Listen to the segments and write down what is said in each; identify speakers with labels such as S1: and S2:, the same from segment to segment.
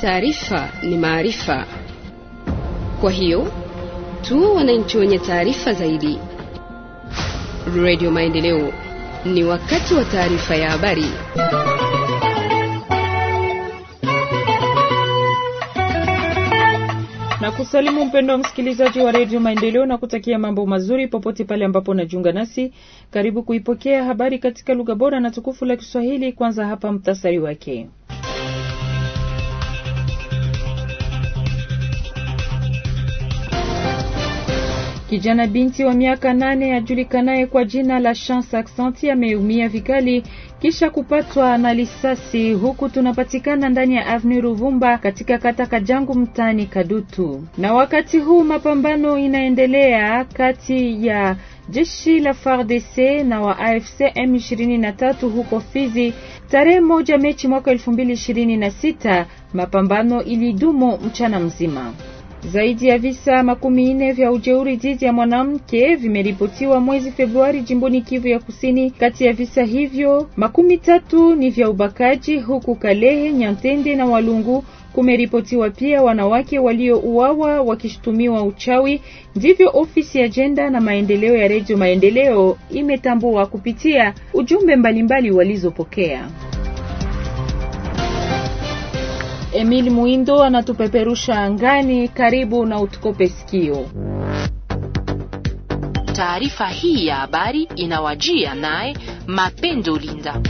S1: Taarifa ni maarifa, kwa hiyo tuwe wananchi wenye taarifa zaidi. Radio Maendeleo, ni wakati wa taarifa ya habari. na kusalimu mpendo wa msikilizaji wa redio Maendeleo na kutakia mambo mazuri popote pale ambapo unajiunga nasi. Karibu kuipokea habari katika lugha bora na tukufu la Kiswahili. Kwanza hapa mtasari wake. Kijana binti wa miaka nane ajulikanaye kwa jina la Chance Accenti ameumia vikali kisha kupatwa na risasi huku tunapatikana ndani ya Avenue Ruvumba katika kata Kajangu mtaani Kadutu. Na wakati huu mapambano inaendelea kati ya jeshi la FARDC na wa AFC M23 huko Fizi tarehe moja Mechi mwaka 2026. Mapambano ilidumu mchana mzima. Zaidi ya visa makumi nne vya ujeuri dhidi ya mwanamke vimeripotiwa mwezi Februari jimboni Kivu ya Kusini. Kati ya visa hivyo makumi tatu ni vya ubakaji, huku Kalehe, Nyantende na Walungu kumeripotiwa pia wanawake waliouawa wakishutumiwa uchawi. Ndivyo ofisi ya jenda na maendeleo ya Redio Maendeleo imetambua kupitia ujumbe mbalimbali walizopokea. Emil Muindo anatupeperusha angani. Karibu na utukope sikio. Taarifa hii ya habari inawajia naye Mapendo Linda.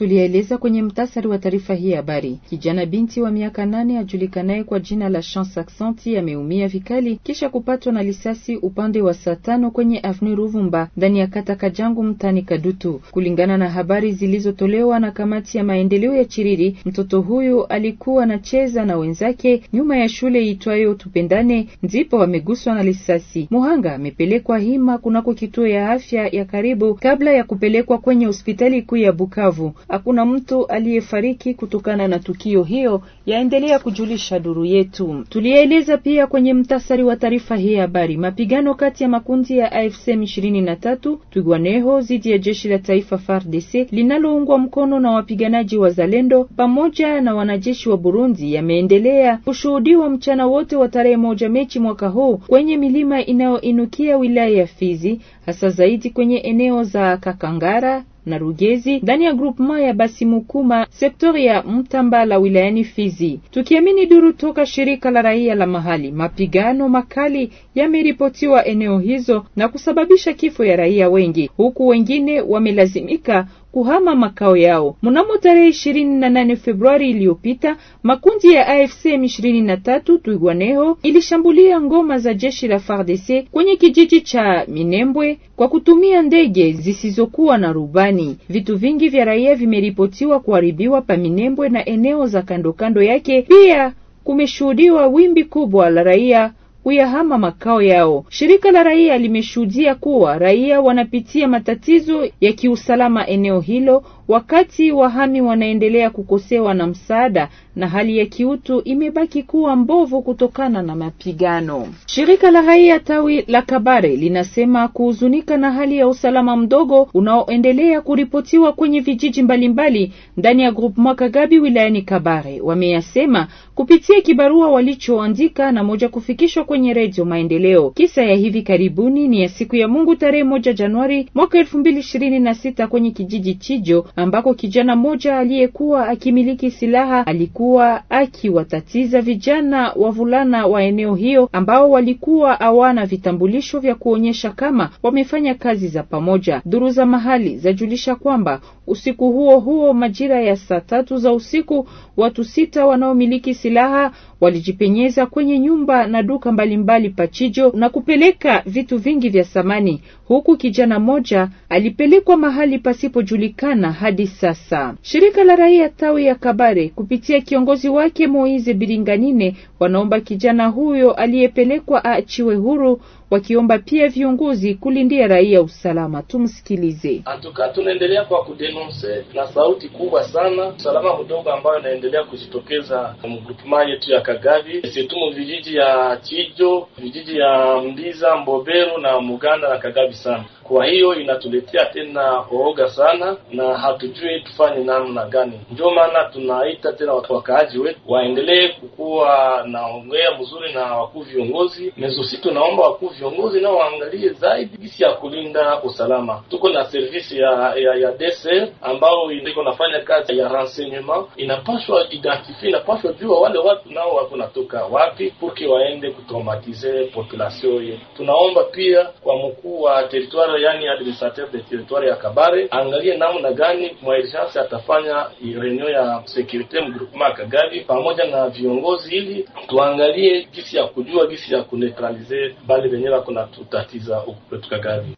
S1: tulieleza kwenye mtasari wa taarifa hii habari. Kijana binti wa miaka nane ajulikanaye kwa jina la Chance Accenti ameumia vikali kisha kupatwa na lisasi upande wa saa tano kwenye Avenue Ruvumba ndani ya kata Kajangu mtani Kadutu. Kulingana na habari zilizotolewa na kamati ya maendeleo ya Chiriri, mtoto huyu alikuwa anacheza na wenzake nyuma ya shule iitwayo Tupendane, ndipo ameguswa na lisasi. Muhanga amepelekwa hima kunako kituo ya afya ya karibu kabla ya kupelekwa kwenye hospitali kuu ya Bukavu hakuna mtu aliyefariki kutokana na tukio hiyo, yaendelea kujulisha duru yetu. Tulieleza pia kwenye mtasari wa taarifa hii habari, mapigano kati ya makundi ya AFC M23 Twigwaneho dhidi ya jeshi la taifa FARDC linaloungwa mkono na wapiganaji wa Zalendo pamoja na wanajeshi wa Burundi yameendelea kushuhudiwa mchana wote wa tarehe moja Mechi mwaka huu kwenye milima inayoinukia wilaya ya Fizi, hasa zaidi kwenye eneo za Kakangara na Rugezi ndani ya groupement ya basi mukuma sektori ya Mtambala wilayani Fizi. Tukiamini duru toka shirika la raia la mahali, mapigano makali yameripotiwa eneo hizo na kusababisha kifo ya raia wengi, huku wengine wamelazimika kuhama makao yao. Mnamo tarehe ishirini na Februari iliyopita makundi ya AFC M23 Twigwaneho ilishambulia ngoma za jeshi la FARDC kwenye kijiji cha Minembwe kwa kutumia ndege zisizokuwa na rubani. Vitu vingi vya raia vimeripotiwa kuharibiwa pa Minembwe na eneo za kandokando kando yake. Pia kumeshuhudiwa wimbi kubwa la raia kuyahama makao yao. Shirika la raia limeshuhudia kuwa raia wanapitia matatizo ya kiusalama eneo hilo wakati wahami wanaendelea kukosewa na msaada na hali ya kiutu imebaki kuwa mbovu kutokana na mapigano. Shirika la raia tawi la Kabare linasema kuhuzunika na hali ya usalama mdogo unaoendelea kuripotiwa kwenye vijiji mbalimbali ndani ya groupement Kagabi wilayani Kabare. Wameyasema kupitia kibarua walichoandika na moja kufikishwa kwenye redio Maendeleo. Kisa ya hivi karibuni ni ya siku ya Mungu tarehe moja Januari mwaka elfu mbili ishirini na sita kwenye kijiji Chijo ambako kijana mmoja aliyekuwa akimiliki silaha alikuwa akiwatatiza vijana wavulana wa eneo hiyo ambao walikuwa hawana vitambulisho vya kuonyesha kama wamefanya kazi za pamoja. Duru za mahali zajulisha kwamba Usiku huo huo majira ya saa tatu za usiku, watu sita wanaomiliki silaha walijipenyeza kwenye nyumba na duka mbalimbali Pachijo na kupeleka vitu vingi vya samani, huku kijana mmoja alipelekwa mahali pasipojulikana hadi sasa. Shirika la raia tawi ya Kabare kupitia kiongozi wake Moize Biringanine wanaomba kijana huyo aliyepelekwa aachiwe huru wakiomba pia viongozi kulindia raia usalama. Tumsikilize.
S2: atuka tunaendelea kwa kudenonse na sauti kubwa sana usalama mdogo ambayo inaendelea kujitokeza mgrupema yetu ya Kagavi situmu vijiji ya Chijo, vijiji ya Mbiza, mboberu na Muganda na Kagavi sana. Kwa hiyo inatuletea tena ooga sana na hatujui tufanye namna gani. Ndio maana tunaita tena wakaaji wetu waendelee kukuwa na ongea mzuri na wakuu viongozi mezosi, tunaomba wakuu viongozi nao waangalie zaidi jinsi ya kulinda usalama. Tuko na service ya ya, ya DSR e ambao ndiko nafanya kazi ya renseignement, inapashwa identifie inapashwa jua wale watu nao wako natoka wapi, purki waende kutraumatize population yetu. Tunaomba pia kwa mkuu wa territoire, yani administrateur de territoire ya Kabare, angalie namna gani mwa atafanya reunion ya securite mgroupement ya Kagabi pamoja na viongozi, ili tuangalie jinsi ya kujua jinsi ya kuneutralize bali kuelewa kuna tutatiza huku kwetu Kagari.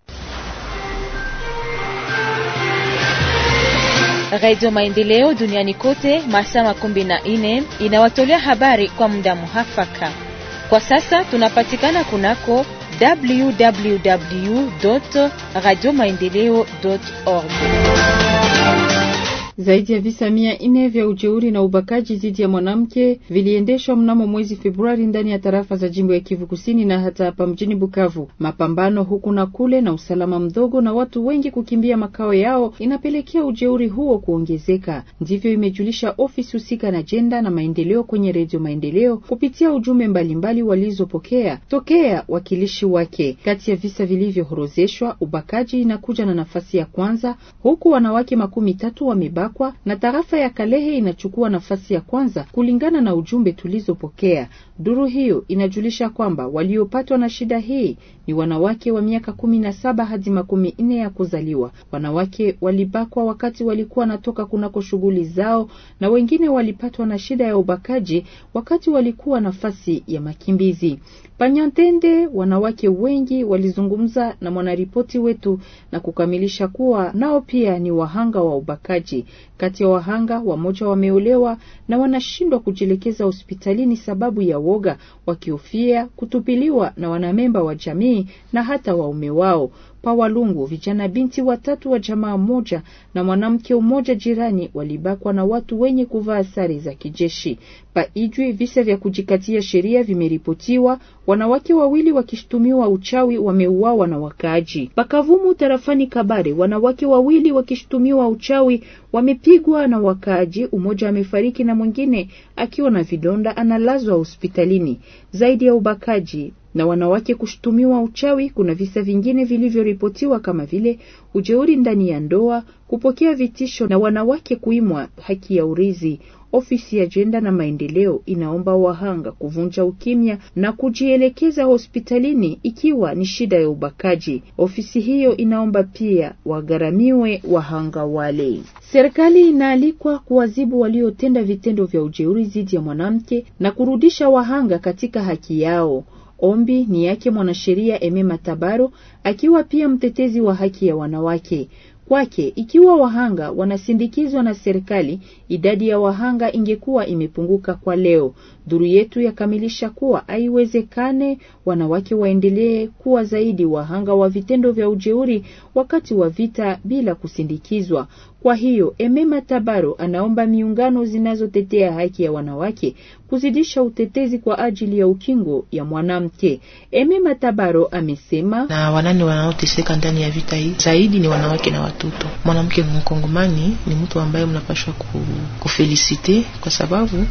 S1: Radio Maendeleo duniani kote masaa makumi na ine inawatolea habari kwa muda muhafaka. Kwa sasa tunapatikana kunako www radio
S3: maendeleo org
S1: zaidi ya visa mia nne vya ujeuri na ubakaji dhidi ya mwanamke viliendeshwa mnamo mwezi Februari ndani ya tarafa za jimbo ya Kivu Kusini na hata hapa mjini Bukavu. Mapambano huku na kule na usalama mdogo na watu wengi kukimbia makao yao inapelekea ujeuri huo kuongezeka. Ndivyo imejulisha ofisi husika na jenda na maendeleo kwenye Redio Maendeleo kupitia ujumbe mbalimbali walizopokea tokea wakilishi wake. Kati ya visa vilivyohorozeshwa, ubakaji inakuja na nafasi ya kwanza, huku wanawake makumi tatu wamebaka Pakwa na tarafa ya Kalehe inachukua nafasi ya kwanza kulingana na ujumbe tulizopokea. Duru hiyo inajulisha kwamba waliopatwa na shida hii ni wanawake wa miaka kumi na saba hadi makumi nne ya kuzaliwa. Wanawake walibakwa wakati walikuwa wanatoka kunako shughuli zao, na wengine walipatwa na shida ya ubakaji wakati walikuwa nafasi ya makimbizi. Panyantende, wanawake wengi walizungumza na mwanaripoti wetu na kukamilisha kuwa nao pia ni wahanga wa ubakaji. Kati ya wahanga wamoja wameolewa na wanashindwa kujielekeza hospitalini sababu ya woga, wakihofia kutupiliwa na wanamemba wa jamii jamii na hata waume wao. Pa Walungu, vijana binti watatu wa jamaa moja na mwanamke mmoja jirani walibakwa na watu wenye kuvaa sare za kijeshi. Pa Ijwi, visa vya kujikatia sheria vimeripotiwa, wanawake wawili wakishtumiwa uchawi wameuawa na wakaaji. Pakavumu, tarafani Kabare, wanawake wawili wakishtumiwa uchawi wamepigwa na wakaaji, umoja amefariki na mwingine akiwa na vidonda analazwa hospitalini. Zaidi ya ubakaji na wanawake kushutumiwa uchawi. Kuna visa vingine vilivyoripotiwa kama vile ujeuri ndani ya ndoa, kupokea vitisho na wanawake kuimwa haki ya urithi. Ofisi ya jenda na maendeleo inaomba wahanga kuvunja ukimya na kujielekeza hospitalini ikiwa ni shida ya ubakaji. Ofisi hiyo inaomba pia wagharamiwe wahanga wale. Serikali inaalikwa kuwazibu waliotenda vitendo vya ujeuri dhidi ya mwanamke na kurudisha wahanga katika haki yao. Ombi ni yake mwanasheria Eme Tabaro, akiwa pia mtetezi wa haki ya wanawake. Kwake, ikiwa wahanga wanasindikizwa na serikali, idadi ya wahanga ingekuwa imepunguka kwa leo. Duru yetu yakamilisha kuwa haiwezekane wanawake waendelee kuwa zaidi wahanga wa vitendo vya ujeuri wakati wa vita bila kusindikizwa. Kwa hiyo Emema Tabaro anaomba miungano zinazotetea haki ya wanawake kuzidisha utetezi kwa ajili ya ukingo ya mwanamke. Emema Tabaro amesema, na wanani wanaoteseka ndani ya vita hii zaidi ni wanawake na watoto. Mwanamke mkongomani ni mtu ambaye mnapashwa kufelisite kwa sababu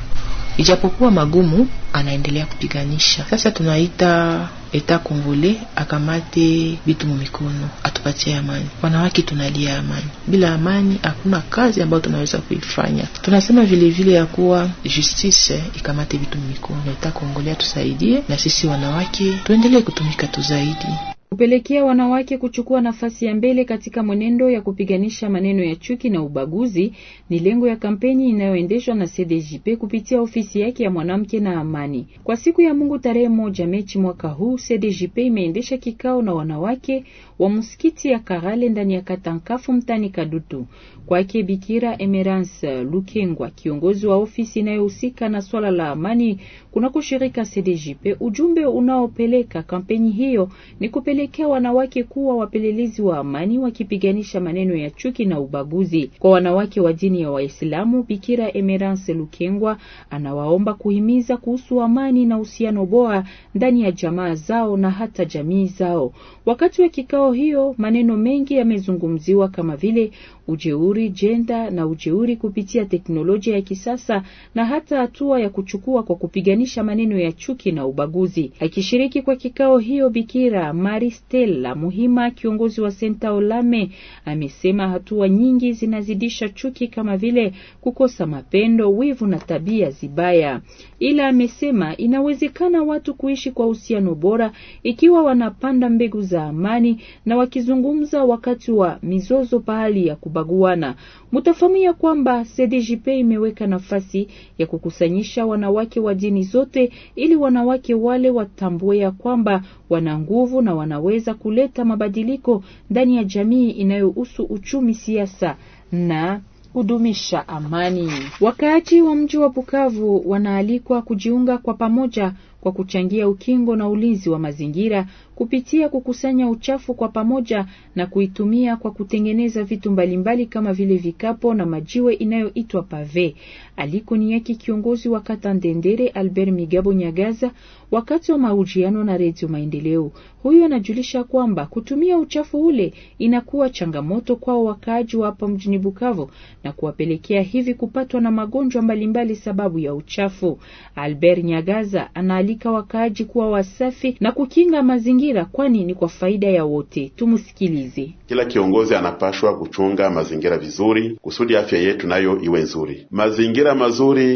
S1: ijapokuwa magumu anaendelea kupiganisha. Sasa tunaita eta Kongole akamate bitu mumikono atupatie amani. Wanawake tunalia amani, bila amani hakuna kazi ambayo tunaweza kuifanya. Tunasema vile vile ya kuwa justice ikamate bitu mumikono, eta Kongole atusaidie na sisi wanawake tuendelee kutumika tu zaidi kupelekea wanawake kuchukua nafasi ya mbele katika mwenendo ya kupiganisha maneno ya chuki na ubaguzi ni lengo ya kampeni inayoendeshwa na CDJP kupitia ofisi yake ya mwanamke na amani. Kwa siku ya Mungu tarehe moja Mechi mwaka huu, CDJP imeendesha kikao na wanawake wa msikiti ya Karale ndani ya Katankafu mtani Kadutu. Kwake Bikira Emerance Lukengwa, kiongozi wa ofisi inayohusika na swala la amani kunako shirika CDJP, ujumbe unaopeleka kampeni hiyo ni kupelekea wanawake kuwa wapelelezi wa amani, wakipiganisha maneno ya chuki na ubaguzi kwa wanawake wa dini ya Waislamu. Bikira Emerance Lukengwa anawaomba kuhimiza kuhusu amani na uhusiano bora ndani ya jamaa zao na hata jamii zao. Wakati wa kikao hiyo maneno mengi yamezungumziwa kama vile ujeuri jenda na ujeuri kupitia teknolojia ya kisasa na hata hatua ya kuchukua kwa kupiganisha maneno ya chuki na ubaguzi. Akishiriki kwa kikao hiyo, Bikira Mari Stella Muhima, kiongozi wa Senta Olame, amesema hatua nyingi zinazidisha chuki kama vile kukosa mapendo, wivu na tabia zibaya, ila amesema inawezekana watu kuishi kwa uhusiano bora ikiwa wanapanda mbegu za amani na wakizungumza wakati wa mizozo pahali ya kubaguana. mutafamia kwamba CDJP imeweka nafasi ya kukusanyisha wanawake wa dini zote ili wanawake wale watambue ya kwamba wana nguvu na wanaweza kuleta mabadiliko ndani ya jamii inayohusu uchumi, siasa na kudumisha amani. Wakaaji wa mji wa Bukavu wanaalikwa kujiunga kwa pamoja kwa kuchangia ukingo na ulinzi wa mazingira kupitia kukusanya uchafu kwa pamoja na kuitumia kwa kutengeneza vitu mbalimbali kama vile vikapo na majiwe inayoitwa pave aliko ni yake kiongozi wa kata Ndendere Albert Migabo Nyagaza wakati wa mahojiano na Redio Maendeleo. Huyo anajulisha kwamba kutumia uchafu ule inakuwa changamoto kwao wakaaji wa hapa mjini Bukavu na kuwapelekea hivi kupatwa na magonjwa mbalimbali sababu ya uchafu. Albert Nyagaza anaalika wakaaji kuwa wasafi na kukinga mazingira, kwani ni kwa faida ya wote. Tumsikilize.
S3: Kila kiongozi anapashwa kuchunga mazingira vizuri kusudi afya yetu nayo iwe nzuri. Mazingira mazuri,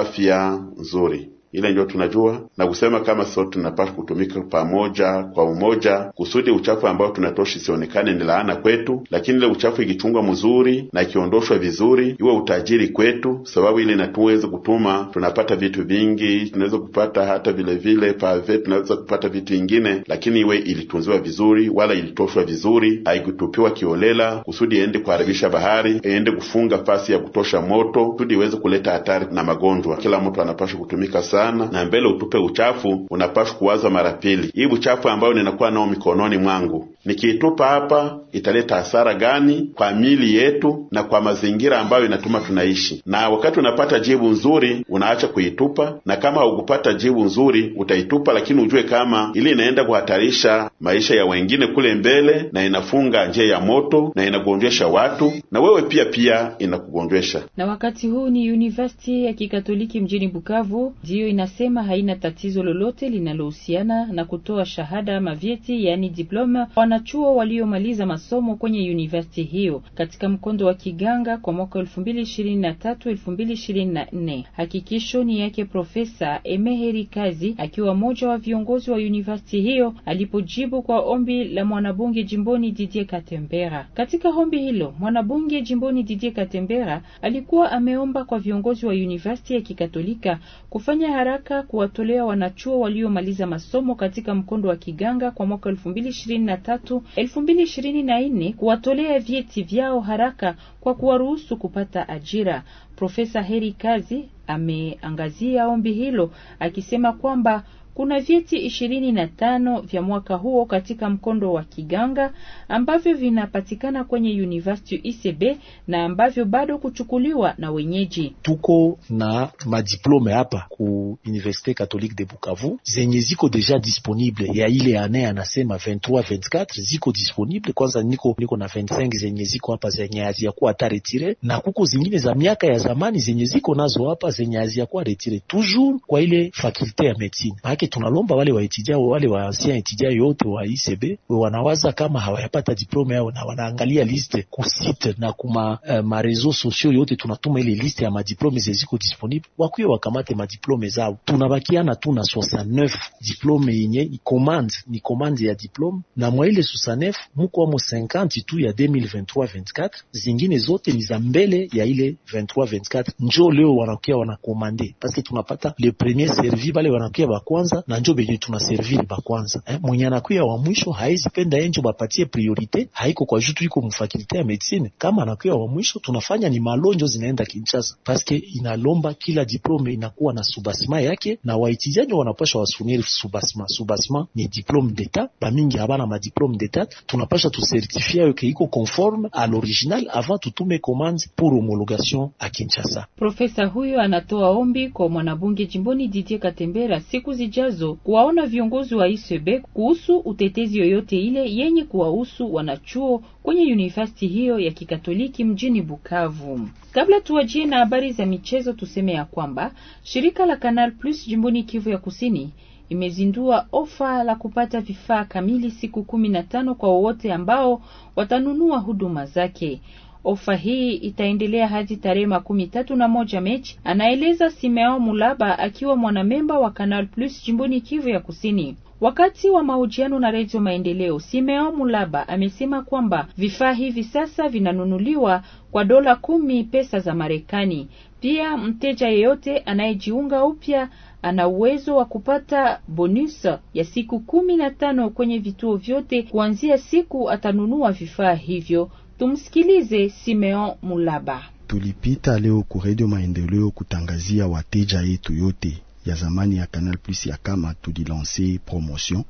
S3: afya nzuri ile ndio tunajua na kusema kama sote tunapaswa kutumika pamoja kwa umoja, kusudi uchafu ambao tunatoshi isionekane ni laana kwetu, lakini ile uchafu ikichungwa mzuri na ikiondoshwa vizuri, iwe utajiri kwetu, sababu ile inatuweza kutuma tunapata vitu vingi, tunaweza kupata hata vile vile pave, tunaweza kupata vitu vingine, lakini iwe ilitunziwa vizuri, wala ilitoshwa vizuri, haikutupiwa kiolela, kusudi iende kuharibisha bahari, iende kufunga fasi ya kutosha moto, kusudi iweze kuleta hatari na magonjwa. Kila mtu anapaswa kutumika sana sana, na mbele utupe uchafu, unapashwa kuwaza mara pili, hii uchafu ambayo ninakuwa nao mikononi mwangu nikiitupa hapa italeta hasara gani kwa mili yetu na kwa mazingira ambayo inatuma tunaishi. Na wakati unapata jibu nzuri, unaacha kuitupa, na kama haukupata jibu nzuri, utaitupa, lakini ujue kama ili inaenda kuhatarisha maisha ya wengine kule mbele, na inafunga njia ya moto, na inagonjwesha watu, na wewe pia pia inakugonjwesha.
S1: Na wakati huu ni University ya Kikatoliki mjini Bukavu ndiyo inasema haina tatizo lolote linalohusiana na kutoa shahada ama vyeti, yani diploma wanachuo waliomaliza masomo kwenye university hiyo katika mkondo wa Kiganga kwa mwaka 2023 2024. Hakikisho ni yake Profesa Emeheri Kazi akiwa mmoja wa viongozi wa university hiyo alipojibu kwa ombi la mwanabunge jimboni Didier Katembera. Katika ombi hilo, mwanabunge jimboni Didier Katembera alikuwa ameomba kwa viongozi wa university ya Kikatolika kufanya haraka kuwatolea wanachuo waliomaliza masomo katika mkondo wa Kiganga kwa mwaka 2023 tatu elfu mbili ishirini na nne kuwatolea vyeti vyao haraka kwa kuwaruhusu kupata ajira. Profesa Heri Kazi ameangazia ombi hilo akisema kwamba kuna vyeti ishirini na tano vya mwaka huo katika mkondo wa Kiganga ambavyo vinapatikana kwenye University ICB na ambavyo bado kuchukuliwa na wenyeji.
S4: Tuko na madiplome hapa ku université Catholique de Bukavu zenye ziko deja disponible ya ile ane anasema 23 24 ziko disponible. Kwanza niko niko na 25 zenye ziko hapa zenye haziyakuwa hata retire, na kuko zingine za miaka ya zamani zenye ziko nazo hapa zenye haziyakuwa retire toujours kwa ile fakulte ya medicine maanake tunalomba wale wa etija wale wa ancien etija yote wa ICB wanawaza kama hawayapata diplome yao, na wanaangalia liste site na kuma uh, eh, marezo sosio yote tunatuma ile liste ya madiplome zeziko disponible, wakuye wakamate madiplome zao. Tunabakiana tu na 69 diplome yenye i commande ni commande ya diplome, na mwa ile 69 muko amo 50 tu ya 2023 24, zingine zote ni za mbele ya ile 23 24, njo leo wanakia wanakomande paske tunapata le premier servi bale wanakia bakwanza kwanza na njo benye tunaserviri ba kwanza eh, mwenye anakuya wa mwisho haizi penda enjo bapatie priorite, haiko kwa juu tuiko mfakilite ya medicine. Kama anakuya wa mwisho tunafanya ni malonjo zinaenda Kinshasa, paske inalomba kila diplome inakuwa na subasima yake, na waitijaji wanapasha wasuniri subasima. Subasima ni diplome d'etat, bamingi habana madiplome d'etat, tunapasha tusertifia yo keiko conforme a l'original avant tutume commande pour homologation a Kinshasa.
S1: Profesa huyo anatoa ombi kwa mwanabunge jimboni Didier Katembera siku zijazo michezo kuwaona viongozi wa ICB e kuhusu utetezi yoyote ile yenye kuwahusu wanachuo kwenye university hiyo ya Kikatoliki mjini Bukavu. Kabla tuwajie na habari za michezo, tuseme ya kwamba shirika la Canal Plus jimboni Kivu ya Kusini imezindua ofa la kupata vifaa kamili siku kumi na tano kwa wowote ambao watanunua huduma zake. Ofa hii itaendelea hadi tarehe makumi tatu na moja Mechi, anaeleza simeo Mulaba akiwa mwanamemba wa Canal Plus jimboni Kivu ya Kusini. Wakati wa mahojiano na Redio Maendeleo, simeo Mulaba amesema kwamba vifaa hivi sasa vinanunuliwa kwa dola kumi pesa za Marekani. Pia mteja yeyote anayejiunga upya ana uwezo wa kupata bonus ya siku kumi na tano kwenye vituo vyote kuanzia siku atanunua vifaa hivyo. Tumsikilize Simeon Mulaba.
S5: Tulipita leo ku Radio Maendeleo kutangazia wateja yetu yote ya zamani ya Canal Plus ya kama tulilanse promotion.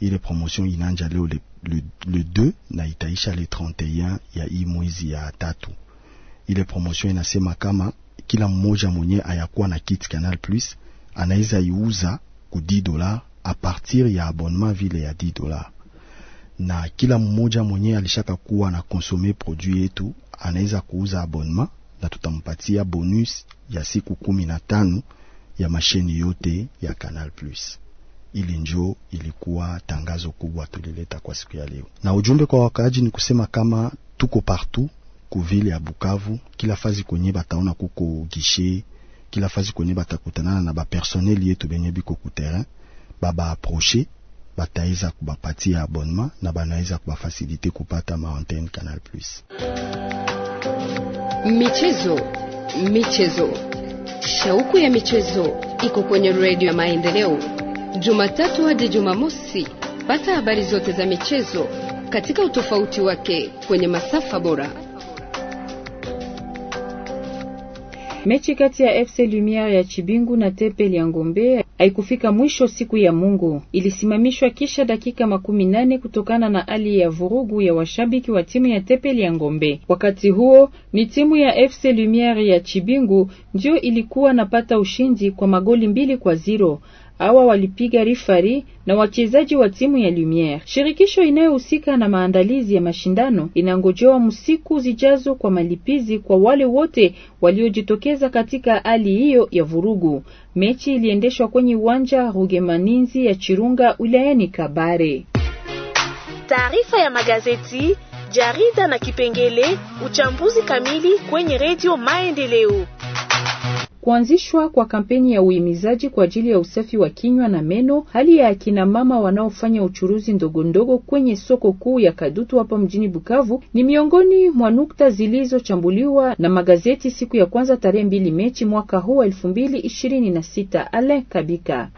S5: Ile promotion inanja leo le, le, le 2 na itaisha le 31 ya hii mwezi ya tatu. Ile promotion inasema kama kila mmoja mwenye ayakuwa na kit Canal Plus anaweza iuza ku 10 dola a partir ya abonnement vile ya 10 dola na kila mmoja mwenyewe alishaka kuwa na konsume produit yetu anaweza kuuza abonnement na tutampatia bonus ya siku kumi na tano ya masheni yote ya Canal Plus. Ili njo ilikuwa tangazo kubwa tulileta kwa siku ya leo, na ujumbe kwa wakaaji ni kusema kama tuko partout kuvile ya Bukavu, kila fazi kwenye bataona kuko gishe, kila fazi kwenye batakutanana na bapersoneli yetu benye biko kuterrain baba approcher bataweza kubapatia abonema na banaweza kubafasilite kupata maantene Canal Plus.
S1: Michezo, michezo, shauku ya michezo iko kwenye redio ya Maendeleo, Jumatatu hadi Jumamosi. Pata habari zote za michezo katika utofauti wake kwenye masafa bora. Mechi kati ya FC Lumiere ya Chibingu na Tepe ngombe haikufika mwisho siku ya Mungu, ilisimamishwa kisha dakika makumi nane kutokana na hali ya vurugu ya washabiki wa timu ya Tepeli ya Ngombe. Wakati huo ni timu ya FC Lumiere ya Chibingu ndio ilikuwa napata ushindi kwa magoli mbili kwa ziro. Hawa walipiga rifari na wachezaji wa timu ya Lumiere. Shirikisho inayohusika na maandalizi ya mashindano inangojewa msiku zijazo kwa malipizi kwa wale wote waliojitokeza katika hali hiyo ya vurugu. Mechi iliendeshwa kwenye uwanja Rugemaninzi ya Chirunga wilayani Kabare. Taarifa ya magazeti, jarida na kipengele uchambuzi kamili kwenye redio Maendeleo kuanzishwa kwa kampeni ya uhimizaji kwa ajili ya usafi wa kinywa na meno, hali ya akina mama wanaofanya uchuruzi ndogondogo kwenye soko kuu ya Kadutu hapa mjini Bukavu ni miongoni mwa nukta zilizochambuliwa na magazeti siku ya kwanza tarehe mbili Mechi mwaka huu wa elfu mbili ishirini na sita. Alain Kabika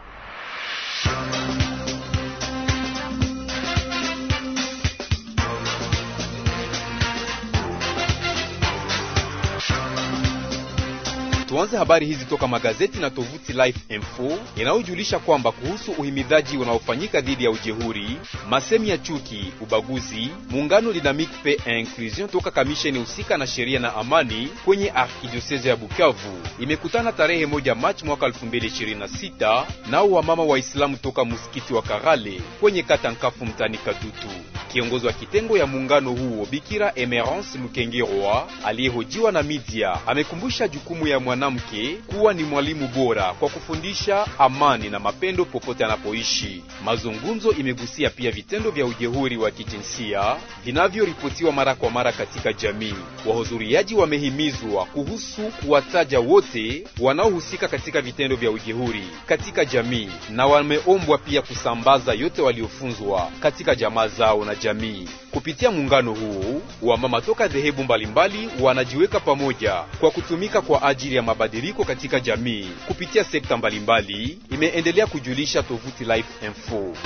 S6: Tuanze habari hizi toka magazeti na tovuti Life Info inayojulisha kwamba kuhusu uhimidhaji unaofanyika dhidi ya ujehuri, masemi ya chuki, ubaguzi, muungano Dynamique pe Inclusion toka kamisheni husika na sheria na amani kwenye arkidioseze ya Bukavu imekutana tarehe moja Machi mwaka 2026 nao wamama Waislamu toka msikiti wa Karale kwenye kata Nkafu mtani Kadutu. Kiongozi wa kitengo ya muungano huo Bikira Emerance Lukengerwa aliyehojiwa na media amekumbusha jukumu ya mwana mwanamke kuwa ni mwalimu bora kwa kufundisha amani na mapendo popote anapoishi. Mazungumzo imegusia pia vitendo vya ujehuri wa kijinsia vinavyoripotiwa mara kwa mara katika jamii. Wahudhuriaji wamehimizwa kuhusu kuwataja wote wanaohusika katika vitendo vya ujehuri katika jamii, na wameombwa pia kusambaza yote waliofunzwa katika jamaa zao na jamii. Kupitia muungano huu wa mama toka dhehebu mbalimbali, wanajiweka pamoja kwa kutumika kwa ajili ya mabadiliko katika jamii kupitia sekta mbalimbali, imeendelea kujulisha tovuti Life Info.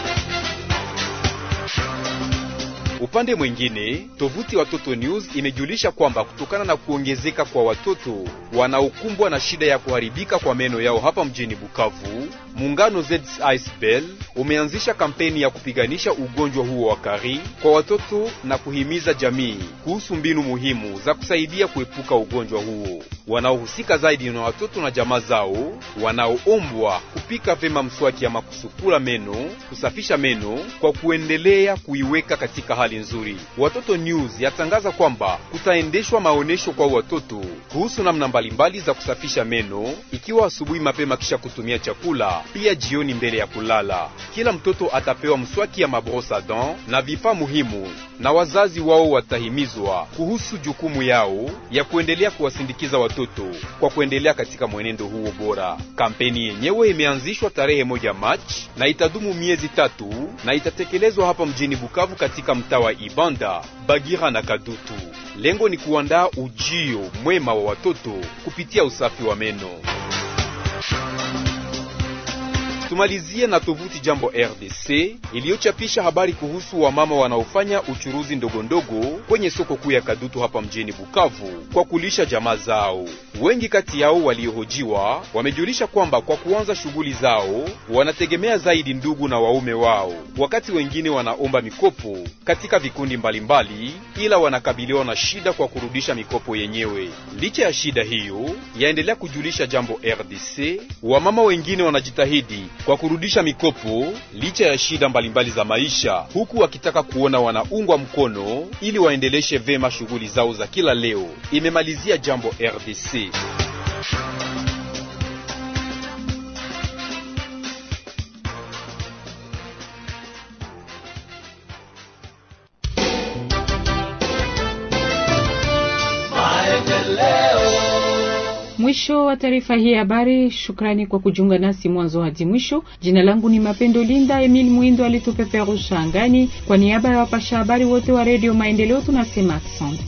S6: Upande mwingine, tovuti Watoto News imejulisha kwamba kutokana na kuongezeka kwa watoto wanaokumbwa na shida ya kuharibika kwa meno yao hapa mjini Bukavu, muungano Bell umeanzisha kampeni ya kupiganisha ugonjwa huo wa kari kwa watoto na kuhimiza jamii kuhusu mbinu muhimu za kusaidia kuepuka ugonjwa huo. Wanaohusika zaidi na watoto na jamaa zao wanaoombwa kupika vema mswaki ama kusukula meno, kusafisha meno kwa kuendelea kuiweka katika hali habari nzuri. Watoto News yatangaza kwamba kutaendeshwa maonesho kwa watoto kuhusu namna mbalimbali za kusafisha meno, ikiwa asubuhi mapema kisha kutumia chakula, pia jioni mbele ya kulala. Kila mtoto atapewa mswaki ya mabrosa dent na vifaa muhimu, na wazazi wao watahimizwa kuhusu jukumu yao ya kuendelea kuwasindikiza watoto kwa kuendelea katika mwenendo huo bora. Kampeni yenyewe imeanzishwa tarehe moja Machi na itadumu miezi tatu na itatekelezwa hapa mjini Bukavu katika mtaa wa Ibanda, Bagira na Kadutu. Lengo ni kuandaa ujio mwema wa watoto kupitia usafi wa meno. Tumalizie na tovuti Jambo RDC iliyochapisha habari kuhusu wamama wanaofanya uchuruzi ndogondogo kwenye soko kuu ya Kadutu hapa mjini Bukavu kwa kulisha jamaa zao. Wengi kati yao waliohojiwa wamejulisha kwamba kwa kuanza shughuli zao wanategemea zaidi ndugu na waume wao, wakati wengine wanaomba mikopo katika vikundi mbalimbali, ila wanakabiliwa na shida kwa kurudisha mikopo yenyewe. Licha ya shida hiyo, yaendelea kujulisha Jambo RDC, wamama wengine wanajitahidi kwa kurudisha mikopo licha ya shida mbalimbali za maisha, huku wakitaka kuona wanaungwa mkono ili waendeleshe vema shughuli zao za kila leo. Imemalizia jambo RDC.
S1: mwisho wa taarifa hii ya habari. Shukrani kwa kujiunga nasi mwanzo hadi mwisho. Jina langu ni Mapendo Linda. Emil Mwindo alitupeperusha angani. Kwa niaba ya wapasha habari wote wa Redio Maendeleo tunasema asante.